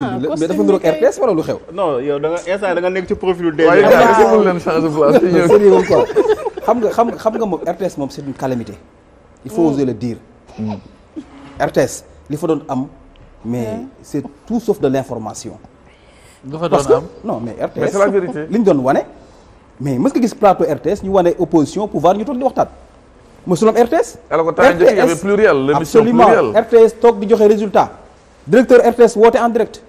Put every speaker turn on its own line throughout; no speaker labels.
Ah, mais dafa nduroog RTS
nga xam xam xam nga moom RTS moom c'est une calamité. il faut mm. mm. li fa doon am. mais mm. c'est tout sauf de l'information.
nga fa doon am parce que non mais li ñu doon wane.
mais mës nga gis plateau RTS ñu wane opposition pouvoir ñu toog di waxtaan. mosul am RTS. alors que temps yii njëkk RTS toog di joxe résultat directeur RTS woote en direct.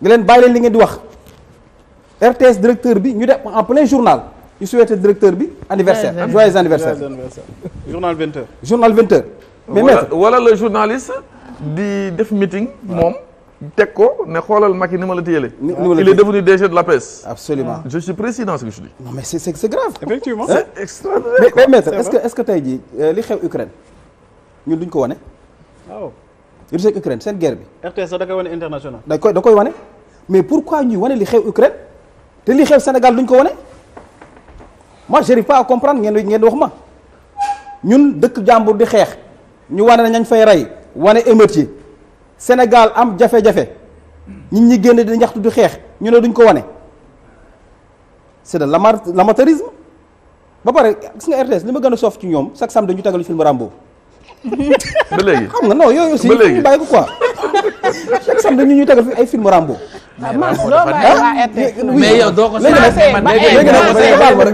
nga leen bàyyi li ngeen di wax RTS directeur bi ñu def en plein journal ñu souhaité directeur bi anniversaire joyeux anniversaire journal 20h journal 20h mais maître
wala le journaliste di def meeting moom teg ko ne xoolal nag ni ma la téyelee. ni ma la il est devenu DG de la presse. absolument je suis précis dans ce que je dis. non mais c' est c' est grave. effectivement est est est que tey jii euh, li xew Ukraine
ñun duñ ko wane. waaw. Ah, oh. Russie ak seen guerre bi.
RTS da koy wane international.
da koy da koy wane mais pourquoi ñuy wane li xew Ukraine te li xew Sénégal duñ ko wane moi j'arrive pas à comprendre ngeen wax ma ñun dëkk jàmbur di xeex ñu wane na ñañ fay rey wane émeute yi Sénégal am jafe-jafe nit ñi génn di ñaxtu di xeex ñu ne duñ ko wane c'est la l'amateurisme ba pare gis nga RTS li ma gën a soof ci ñoom chaque samedi ñu tegal film Rambo. ba léegi xam nga non yooyu aussi ñu bàyyi ko quoi chaque samedi ñu ñuy tegal fi ay film Rambo. mais yow doo ko si man léegi nag baal ma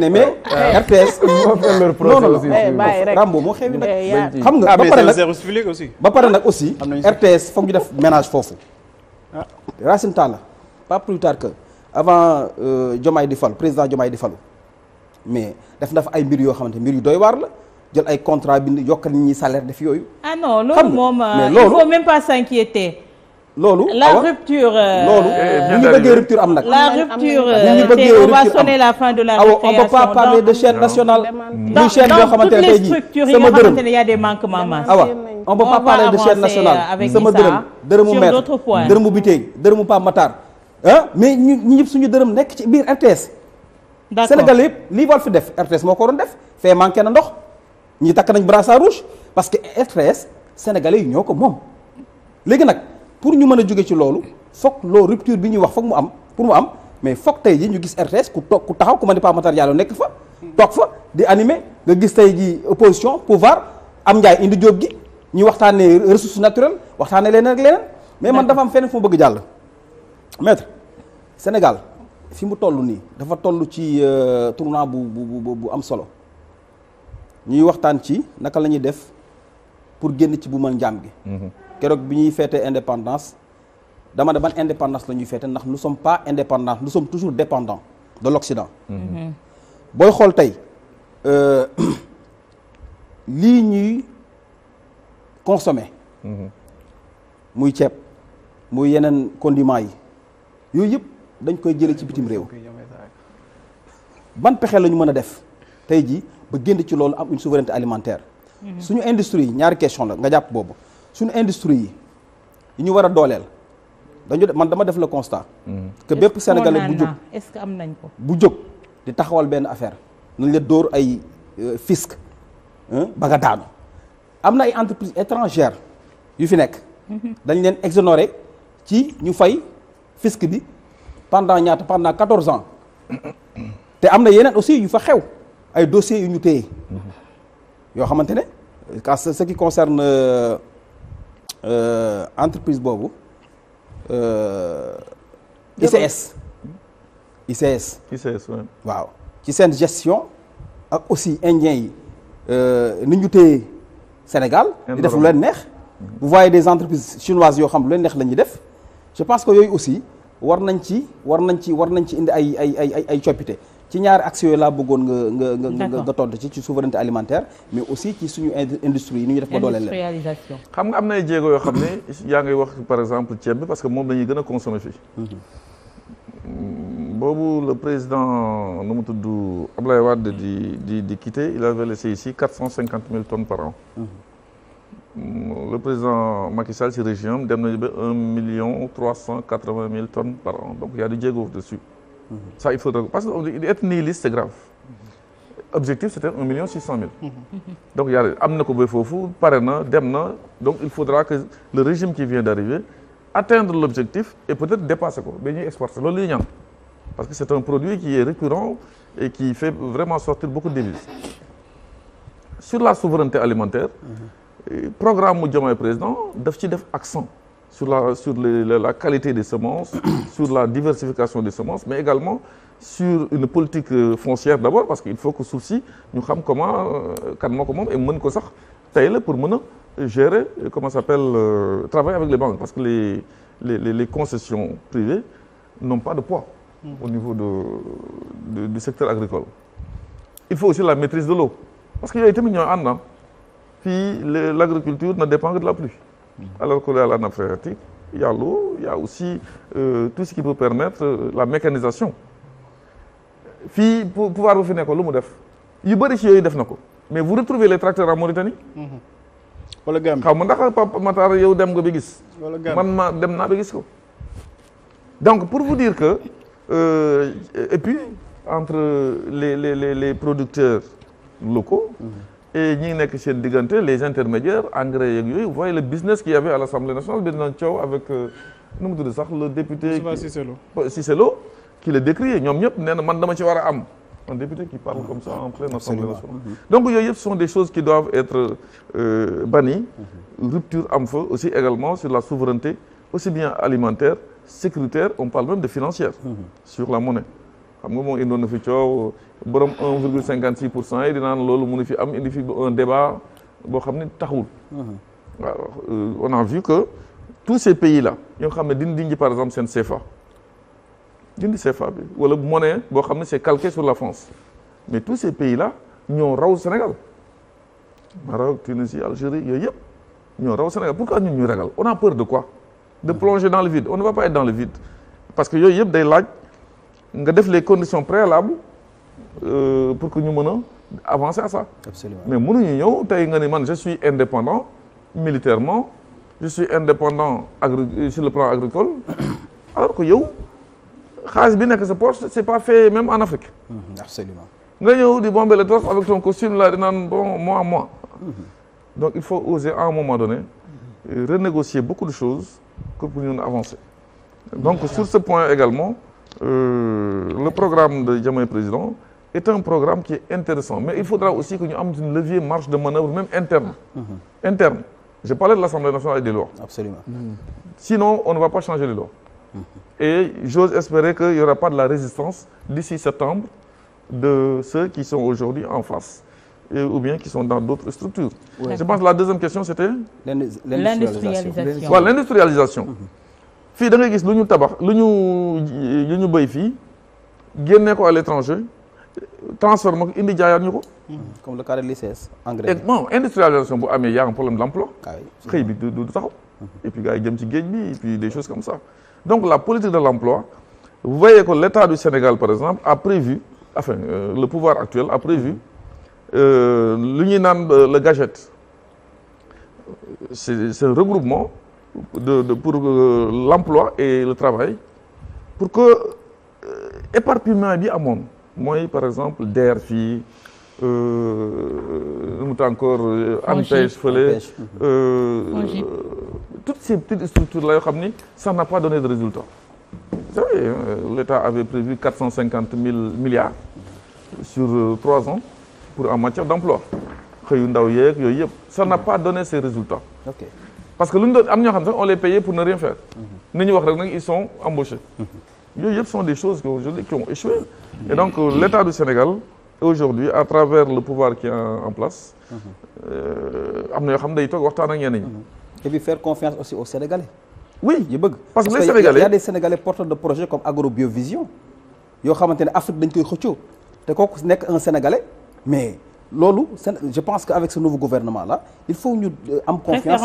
ne mais RTS moo fekk leur projet nag xam nga ba pare nag
aussi ba
pare nag aussi RTS foog ñu def ménage foofu Racine Talla pas plus tard avant Diomaye di fal président Diomaye di falu mais def na ay mbir yoo xamante mbir yu doy waar la jël ay contrat bi yokkal nit ñi salaire def yooyu. ah non loolu moom euh, il faut même pas s'inquiéter. loolu la ah rupture. Euh, loolu eh, eh, bu ñu bëggee rupture am nag. la rupture euh, de la récréation ah on peut pas parler mm. ne tey jii sama dërëm y ah sama dërëm dërëmu maître dërëmu bitéeg dërëmu ñu ñëpp suñu dërëm nekk ci biir RTS. Sénégal yëpp lii Walf fi def RTS moo ko waroon def fee manqué na ndox ñi takk nañ brassard rouge parce que RTS sénégalais yi ñoo ko moom léegi nag pour ñu mën a jóge ci loolu foog loo rupture bi ñuy wax foog mu am pour mu am mais foog tey ji ñu gis RTS ku toog ku taxaw ku ma ne pas matériel nekk fa toog fa di anime nga gis tey ji opposition pouvoir am njaay indi jóob gi ñu waxtaanee ressource naturelle waxtaanee leneen ak leneen mais man dafa fenn fu bëgg jàll maître fi mu toll nii dafa toll ci euh, tournant bu bu bu am solo ñuy waxtaan ci naka la ñuy def pour génn ci bu man njaam gi. Mhm. keroog bi ñuy feete indépendance dama ne ban indépendance la ñuy feete ndax nous sommes pas indépendants nous sommes toujours dépendant de l'Occident. Mhm. Mhm. booy xool tey euh, lii ñuy consommer. muy ceeb muy yeneen condiments yi yooyu yëpp. dañ koy jële ci bitim réew ban pexe la ñu mën a def tey jii ba génn ci loolu am une souveraineté alimentaire mhm. suñu industrie yi ñaari question la nga jàpp boobu suñu industrie yi ñu war a dooleel dañu man dama def la constat mhm. que bépp sénégalais bu jóg est-ce que am nañ ko bu jóg di taxawal benn affaire nañ la dóor ay euh, fisc ba nga daanu am na ay entreprises étrangères yu fi nekk mhm. dañ leen exonéré ci ñu fay fisc bi pendant ñaata pendant quatorze ans te am na yeneen aussi yu fa xew ay dossiers yu ñu téye yoo xamante ne car ce qui concerne euh, euh, entreprise boobu euh, ICS ICS ICS waaw ci seen gestion ak aussi indien yi euh, ni ñu téye Sénégal di def lu leen neex vous voyez des entreprises chinoises yoo xam lu leen neex la ñuy def je pense que yooyu aussi war nañ ci war nañ ci war nañ ci indi ay ay ay ay coppite ci ñaari axe laa bëggoon nga nga nga tontu ci ci souveraineté alimentaire mais aussi ci suñu industrie yi ni ñu def
ba dooleel leen industrialisation
xam nga am na ay jéego yoo xam ne yaa ngay wax par exemple ceeb bi parce que moom dañuy gën a consommer fii mhm. boobu le président nu mu tudd Ablaye Wade di di di quitter il avait laissé ici quatre cent cinquante mille tonnes par an mhm. le président Macky Sall ci région am dem nañu ba un million trois cent quatre vingt mille tonnes par an donc y a du jéego dessus mhm. ça il faudra parce que être nihiliste c'est grave mhm. objectif c'était un million six cent mille mhm. donc y a am na ko ba foofu pare na dem na donc il faudra que le régime qui vient d'arriver atteindre l'objectif et peut-être dépasser ko ba ñuy exporter loolu li ñaan parce que c'est un produit qui est récurrent et qui fait vraiment sortir beaucoup de devises sur la souveraineté alimentaire programme mu Diomaye président daf ci def accent sur la sur les, la qualité des semences sur la diversification des semences mais également sur une politique euh, foncière d'abord parce que il faut que suuf si ñu xam comment euh, kan moo ko moom et mën ko sax tey la pour mën a gérer euh, comment ça s'appelle euh, travailler avec les banques parce que les les les, les concessions privées n'ont pas de poids mm. au niveau de, de du secteur agricole il faut aussi la maîtrise de l'eau parce que yooyu tamit ñoo fii l' agriculture ne dépend que de la pluie mm-hmm. alors que la nappe phréatique y a l'eau il y a aussi euh, tout ce qui peut permettre euh, la mécanisation fii pouvoir bu fi nekkoon lu mu def yu bëri ci yooyu def na ko mais vous retrouvez les tracteurs a Mauritanie mm-hmm. wala Gambie xaw ma ndax Papa Matar dem nga ba gis wala Gambie man ma dem naa ba gis ko donc pour vous dire que euh, et puis entre les les les les producteurs locaux mm-hmm. et ñi nekk seen diggante les intermédiaires engrais yeeg yooyu voyez le business qu'il y avait à l'Assemblée nationale bi doon coow avec euh, nu mu tudd le député oh, Cissé Lo qui le décriait ñoom ñëpp nee na man dama ci war a am un député qui parle comme ça en pleine Assemblée nationale mm-hmm. donc yooyu yëpp sont des choses qui doivent être euh, bannies mm-hmm. rupture am fa aussi également sur la souveraineté aussi bien alimentaire sécuritaire on parle même de financière mm-hmm. sur la monnaie borom 1 virgule 56 pour cent yi dinaan loolu mu mënu fi am indi fi un débat boo xam ni taxul. Uh-huh. waaw euh, on a vu que tous ces pays là ñoo xam ne dindi dindi par exemple seen CFA dindi CFA bi wala monnaie boo xam ne c'est calqué sur la France mais tous ces pays la ñoo raw Sénégal Maroc Tunisie Algérie yooyu yëpp ñoo raw Sénégal pourquoi ñun ñuy ragal on a peur de quoi. de uh-huh. plonger dans le vide on ne va pas être dans le vide parce que yooyu yëpp day laaj nga def les conditions préalables. Euh, pour que ñu mën a avancer à ça. Absolument. mais mënuñu ñëw tey nga ne man je suis indépendant militairement je suis indépendant agri euh, sur le plan agricole alors que yow xaalis bi nekk sa poche c'est pas fait même en Afrique. Mmh, nga ñëw di bomber le torse avec ton costume là di naan bon moi moi. Mmh. donc il faut oser à un moment donné euh, renégocier beaucoup de choses pour que ñu mën avancer. donc mmh. sur ce point également euh, le programme de Diomaye Président. est un programme qui est intéressant. Mais il faudra aussi que ñu am une levier marge de manœuvre même interne. Mhm. J'ai parlé de l'Assemblée nationale et des lois. Mhm. Sinon, on ne va pas changer les lois. Mm -hmm. Et j'ose espérer qu'il n'y aura pas de la résistance d'ici septembre de ceux qui sont aujourd'hui en face. Et, ou bien qui sont dans d'autres structures. Oui. Je pense que la deuxième question c'était l'industrialisation. Waaw, l'industrialisation. Mhm. fii da ngay gis lu ñu tabax lu ñu lu ñu béy fii génne ko à l'étranger transformé ko indi jaayaat ñu hmm. comme le cas de engrais. bon industrialisation bu amee y a un problème d'emploi. xëy bi du du taxaw. Hmm. et puis gars jëm ci géej bi et puis des choses comme sa donc la politique de l'emploi vous voyez que l'État du Sénégal par exemple a prévu enfin euh, le pouvoir actuel a prévu hmm. euh, lu ñuy naan euh, le gadget c'est c'est un regroupement de pour euh, l'emploi et le travail pour que euh, éparpillement bi amoon. mooy par exemple DER fii euh, nu mu encore. Euh, ANPEJ fële. Euh, toutes ces petites structures là yoo xam ni ça n'a pas donné de résultat. vous savez l'État avait prévu quatre cent cinquante mille milliards sur trois ans pour en matière d'emploi xëyu ndaw yeeg yooyu yëpp ça n'a pas donné ses résultats. parce que lu ñu am ñoo xam sax on les payait pour ne rien faire. Mhm. ni ñu wax rek nag ils sont embauchés. Mhm. yooyu yëpp sont des choses que aujourd'hui qui ont échoué et donc euh, l'État du Sénégal aujourd'hui à travers le pouvoir qui en place euh, am na yoo xam day toog waxtaan ak ñeneen ñi et puis faire confiance aussi aux Sénégalais oui yu bëgg parce que les
Sénégalais y porteurs de projet comme Agrobiovision yoo xamante ne Afrique dañ koy xëccoo te kooku nekk en Sénégalais mais loolu je pense que avec ce nouveau gouvernement là il faut ñu euh, am confiance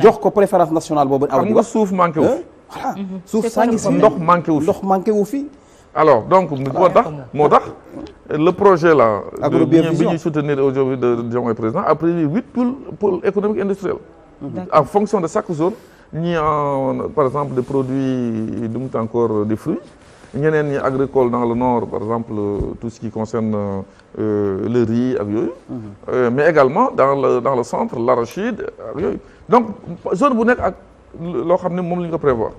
jox ko préférence nationale boobu aw voilà ah, mhm. suuf saa ndox manqué
wu fi manqué wu fi alors donc moo tax moo tax le projet la bi ñuy soutenir aujourd'hui de Diomaye président a prévu huit pôles pôles économiques industriels en fonction de chaque zone ñi en par exemple des produits du mut encore des fruits ñeneen ñi agricole dans le nord par exemple tout ce qui concerne euh, le riz ak yooyu mhm. euh, mais également dans le dans le centre l'arachide ak yooyu donc zone bu nekk ak loo xam ne moom la ñu ko prévoir.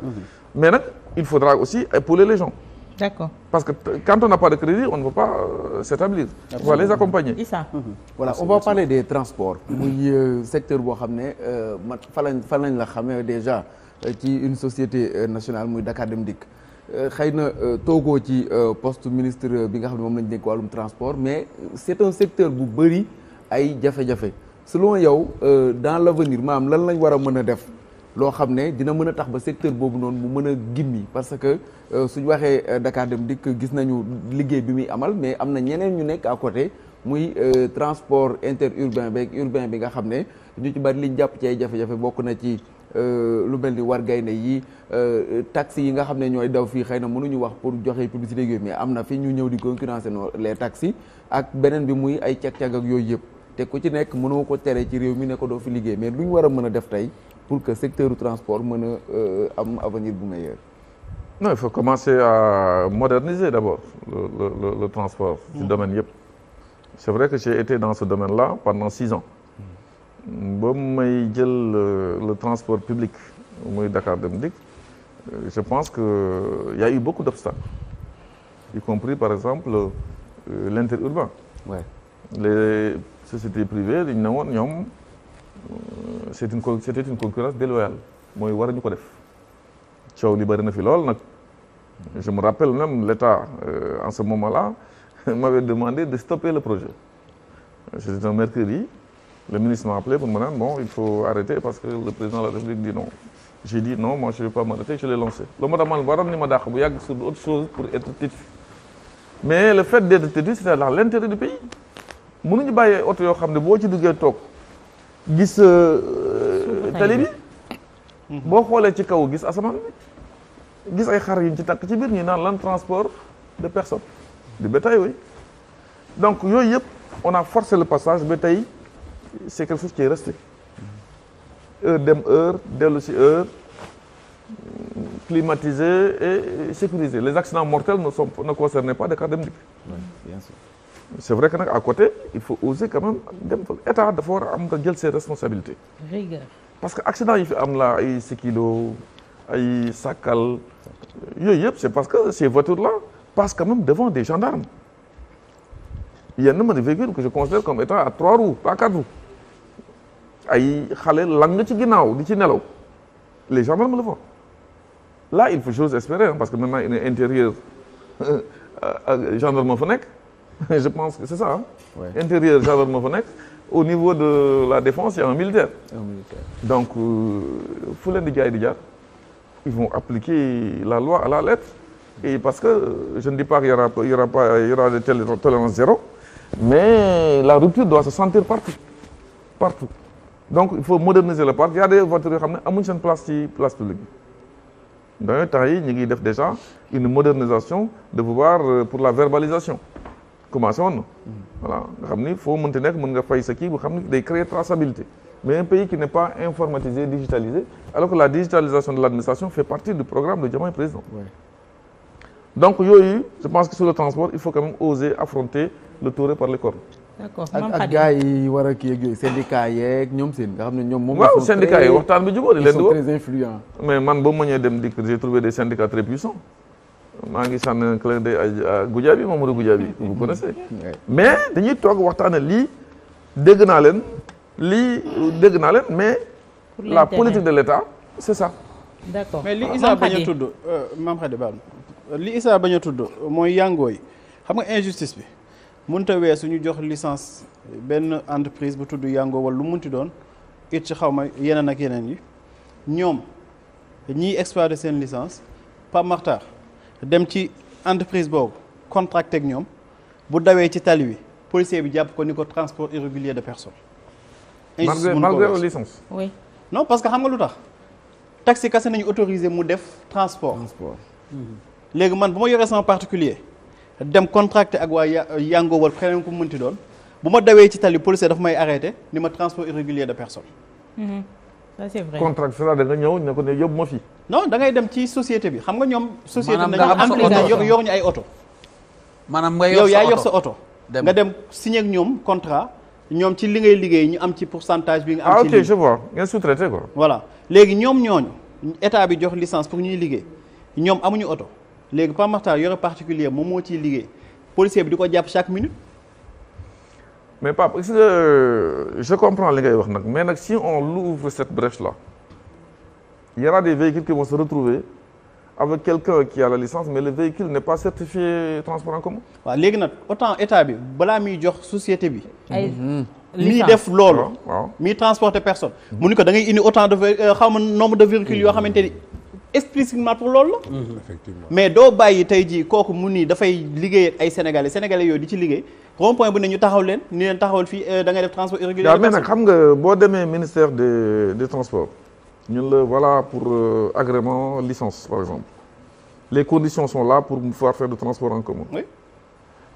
mais nag il faudra aussi épauler les gens. D'accord. Parce que quand on n'a pas de crédit, on ne peut pas euh, s'établir. On va les accompagner. Issa. Mm -hmm. on va parler des transports. muy euh, secteur boo
xam ne euh, man fa lañ fa lañ la xamee déjà euh, ci une société nationale muy Dakar Dem Dikk. xëy na toogoo ci post ministre bi nga xam ne moom lañ dénk wàllum transport mais c'est un secteur bu bëri ay jafe-jafe selon yow dans l'avenir maam lan lañ war a mën a def. loo xam ne dina mën a tax ba secteur boobu noonu mu mën a gimmi parce que euh, suñ waxee euh, Dakar Dem Dikk gis nañu liggéey bi muy amal mais am na ñeneen ñu nekk à côté muy euh, transport interurbain beeg urbain bi nga xam ne ñu ci bari liñ jàpp ci ay jafe-jafe bokk na ci lu mel ni war gaynde yi taxi yi nga xam ne ñooy daw fii xëy na mënuñu wax pour joxe publicité yooyu mais am na fi ñu ñëw di concurrencer no les taxi ak beneen bi muy ay cag-cag ak yooyu yëpp te ku ci nekk mënoo ko tere ci réew mi ne ko doo fi liggéey mais lu ñu war a mën a def pour que secteur du transport mën uh, a am avenir bu meilleur
non il faut commencer à moderniser d'abord le, le, transport ci mmh. domaine yëpp c'est e vrai que j'ai été dans ce domaine-là pendant six ans ba may jël le transport public muy Dakar Dem je pense que uh, il y a eu beaucoup d'obstacles y compris par exemple uh, l'interurbain ouais. les sociétés privées dañ ne woon ñoom c'est une c'était une concurrence déloyale mooy war ñu ko def coow li bëri na fi lool nag je me rappelle même l'État euh, en ce moment-là m'avait demandé de stopper le projet c'était un mercredi le ministre m'a appelé pour me bon il faut arrêter parce que le président de la République dit non j'ai dit non moi je vais pas m'arrêter lancé loolu moo tax man waram ma dàq bu yàgg sur autre chose pour être têtu mais le fait d'être têtu c'est dans l'intérêt du pays mënuñu bàyyee oto yoo xam ne boo ci duggee toog gis euh, tali bi boo xoolee ci kaw gis asamaan bi gis ay xar yuñ ci takk ci biir ñu naan lan transport de personnes de bétail yooyu donc yooyu yëpp on a forcé le passage ba tey c'est quelque chose qui est heure dem heure dellu si heure climatisé et sécurisé les accidents mortels ne sont ne concernaient pas des cas dem dikk bien c' est vrai que nag à côté il faut oser quand même dem fa état dafa war a am nga jël ses parce que accident yi fi am la ay Sikilo ay Sakal yooyu yëpp c' parce que ces voitures la passent que même devant de gendarmes yenn man véhicules que je considère comme étant à trois roues pas quatre ay xale lang ci ginnaaw di ci nelaw les gendarmes le voient là il faut parce que maintenant il est intérieur euh, euh, gendarme fa nekk. je pense que c'est ça ouais. intérieur gendarme moo au niveau de la défense il y a un militaire, donc euh, fu leen di jaay di jaar ils vont appliquer la loi à la lettre et parce que euh, je ne dis pas qu'il y aura il y pas y aura de tolérance zéro mais la rupture doit se sentir partout partout donc il faut moderniser le parc il y a des voitures yoo xam ne amuñ seen place ci place publique bi dans temps yi ñu ngi def déjà une modernisation de pouvoir euh, pour la verbalisation commencé woon na. voilà nga xam ni foo mënti nekk mën nga fay sa kii bu xam ni day créer traçabilité mais un pays qui n'est pas informatisé digitalisé alors que la digitalisation de l'administration fait partie du programme de Diomaye Président. Ouais. donc yooyu je pense que sur le transport il faut quand même oser affronter le par les ak gars yi war a kii yeeg nga xam ne ñoom.
moom waaw syndicat yi waxtaan bi jubóo di leen di. ils
sont man ba mu ma ñëwee dem dikk j'ai trouvé des maa ngi sànni un clin d'œil à Goudiaby Mamadou Goudiaby vous connaissez mais dañuy toog waxtaane lii dégg naa leen lii dégg naa leen mais la politique de l'État c'est ça d'accord mais li Issa bañ tudd
euh, maam Khady Ba li Issa bañ a tudd mooy yi xam nga injustice bi mënta weesu ñu jox licence benn entreprise bu tudd yàngoo wala lu munti doon it ci xaw ma yeneen ak yeneen yi ñoom ñiy exploité seen licence Pape Makhtar dem ci entreprise boobu contracté ak ñoom bu dawee ci tali wi policier bi jàpp ko ni ko transport irrégulier de personnes.
injustice malgré la licence.
oui
non parce que xam nga lu tax taxi kase nañu autorisé mu def transport. transport mhm. léegi man bu ma yoree sama particulier dem contracté ak waa Yango wala keneen ku mu mënti doon bu ma dawee ci tali policier dafa may arrêté ni ma transport irrégulier de personnes.
Mhm. c'est vrai
contractuel da nga ñëw ne ko ne yóbbu ma fii. non da dem ci société bi xam nga ñoom. société nañu entreprise yor yor ñu ay oto. maanaam nga yow yaa yor sa oto. nga dem signé ñoom contrat. ñoom ci li ngay liggéey ñu am ci pourcentage bi. nga am ah, ci ah ok
je
voilà léegi ñoom ñooñu état bi jox licence pour ñuy liggéey ñoom amuñu oto léegi Pape Makhtar yore particulier moom moo ciy liggéey policier bi di ko jàpp chaque minute.
mais Pape est-ce que je comprends li ngay wax nag mais nag si on l'ouvre cette brèche là il y aura des véhicules qui vont se retrouver avec quelqu'un qui a la licence mais le véhicule n'est pas certifié transport en commun. waaw nag autant état bi
balaa muy jox société bi. ay mi def loolu. waaw ah, ah. mi transporter personne. mu ni ko da ngay indi autant de euh, xaw ma nombre de véhicules yoo xamante ni. explicitement pour loolu la. Mhm. effectivement mais doo bàyyi tey jii kooku mu nii dafay liggéey ay sénégalais sénégalais yooyu di ci liggéey rond point bu ne ñu taxaw leen ni leen taxawal fii euh, da def transport irrégulier. waaw mais xam
nga boo demee ministère de des ñu la voilà pour euh, agrément licence par exemple les conditions sont là pour pouvoir faire du transport en commun.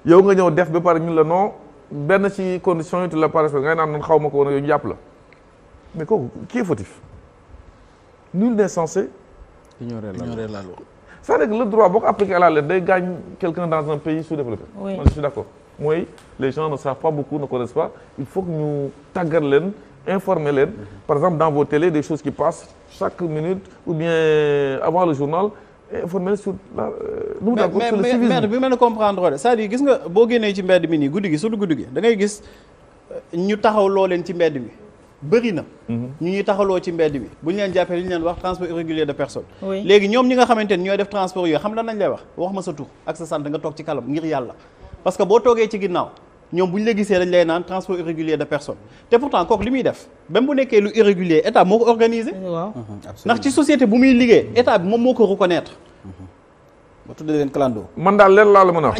yow nga ñëw def ba pare ñun la non benn ci condition yi tu la pare ngay naan noonu xaw ma ko woon yow ñu jàpp la mais ignorer la loi c'est-à-dire que le droit boo ko appliqué à la lettre day gaañ quelqu'un dans un pays sous-développé mooy les gens ne savent pas beaucoup ne connaissent pas il faut que ñu tàggat leen informer leen par exemple dans vos télés des choses qui passent chaque minute ou bien euh, avant le journal informer sur la nu mu daan ko sur le civisme mais mais bi mën a comprendre c'est-à-dire gis nga boo génnee ci mbedd mi nii guddi
gi surtout guddi gi da ngay gis euh, ñu taxaw loo leen ci mbedd mi bëri na mhm. ñu ñuy taxaloo ci mbedd bi bu ñu leen jàppee li ñu leen wax transport irrégulier de personnes léegi ñoom ñi nga xamante ni ñooy def transport yooyu xam lan lañ lay wax wax ma sa tur ak sa sant nga toog ci kalam ngir yàlla parce que boo toogee ci ginnaaw ñoom bu ñu la gisee dañ lay naan transport irrégulier de personnes te pourtant kooku li muy def même bu nekkee lu irrégulier état moo ko organisé
mhm,
ndax ci société bu muy liggéey état bi moom moo ko reconnaître
mhm. ba daal leen laa la mën a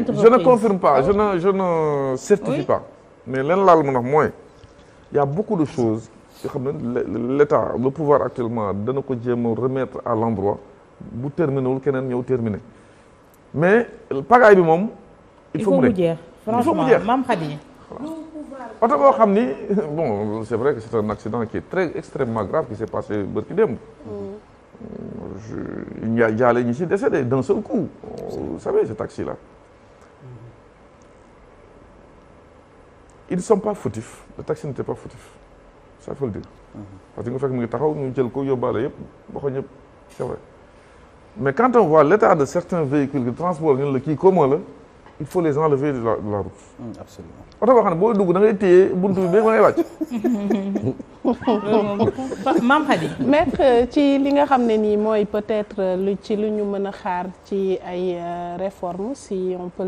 wax. ne confirme mais leen laal mun a wax mooy y' a beaucoup de choses yoo xam ne l' état le pouvoir actuellement dana ko jéem a remettre à l' endroit bu terminé wul keneen ñëw terminé mais pagaay bi moom. il faut mu jeex il faut mu jeex maam Khady. oto boo xam ni bon c' est vrai que c' est un accident qui est très extrêmement grave qui s' est passé bërki démb. Mm. je jaale ñi ci décédé d' un seul coup. vous savez ce taxi là. ils ne pas fautifs le taxi pas fautif mhm. parce que nga fekk mu ngi taxaw ñu jël ko yóbbaale yëpp waxoon ñëpp c'est vrai mais quand on voit l'état de certains véhicules de transport ñun la kii commun la il faut les enlever de la de la route. Mm, absolument oto boo xam ne boo dugg da téye buntu bi ba ngay wàcc.
maam Khady. maître
ci li nga xam ne nii
mooy peut-être lu ci lu ñu mën a xaar ci ay euh, réformes si on peut.